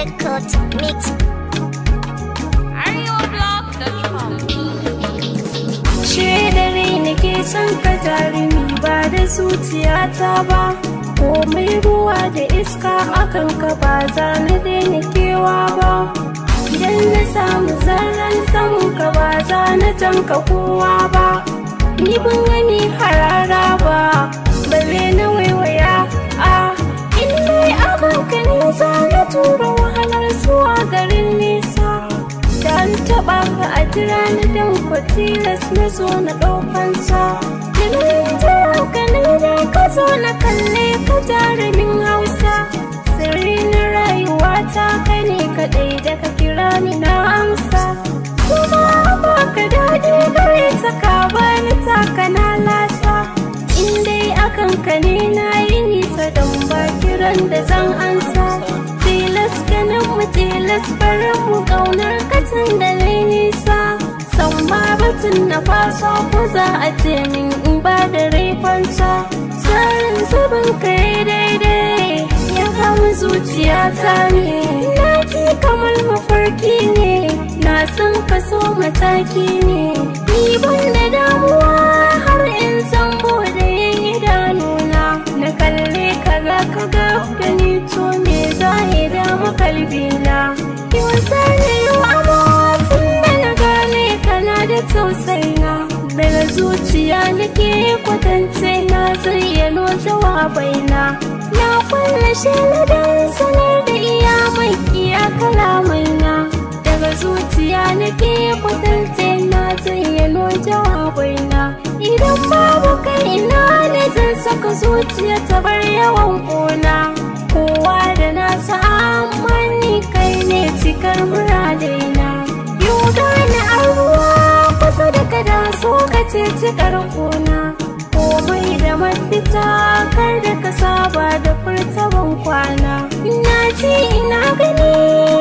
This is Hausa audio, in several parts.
difficult meet. AryoBlog.com Shedare nake son ka jarumi ba da zuciyata ba. Komai ruwa da iska akan ka ba za na daina kewa ba. Idan na samu zarran samun ka ba za na tanka kowa ba. Ni ban wani hara ba tilas na zo na ɗaukansa Yanayin tarauka ne da ka zo na kalle ka jarumin hausa Sirri na rayuwa ta ne kaɗai da ka kira ni na amsa Kuma ba ka daɗi gare ta ka bani taka na lasa In dai akan ka ne na yi nisa don ba kiran da zan ansa Tilas ganin mu tilas barin mu ƙaunar katin da nisa san ma batun na faso ko za a ce min in ba da rai fansa tsarin zubin kai daidai ya kama zuciya ta ne na ji kamar mafarki ne na san kaso mataki ne ni ban da damuwa har in san bude yan idanuna na kalle kaga kaga da ni to me za ya damu kalbina yau zuciya nake kwatance na zayyano jawabaina na kulle shaidan sanar da iya mai iya kalamaina daga zuciya nake kwatance na zayyano jawabaina idan babu kaina ne zan saka zuciya ta bar yawan ƙona kowa da nasa amma ni kai ne cikar muradai ce cikar kona komai da mafita kar da ka saba da furtawan kwana ina ji ina gani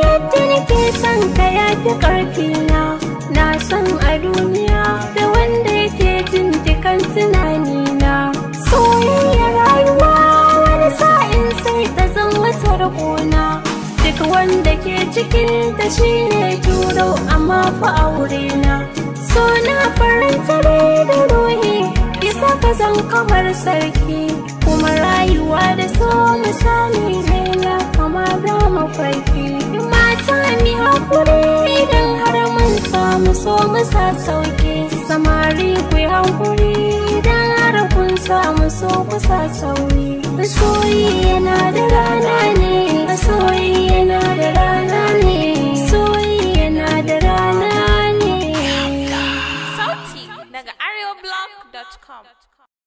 yadda nake son ka yafi karfi na na san a duniya da wanda yake jin dukan tunani na soyayya rayuwa wani sa'in sai ta zan wata kona duk wanda ke cikin ta shine turo amma fa aure na suna farin tare da ruhi isa ka zan kamar sarki kuma rayuwa da so misali raina kama da mafarki mata mi hakuri idan har mun samu so musa sauki samari ku hankuri idan har kun samu so kusa sauri soyi yana da rana Dot com.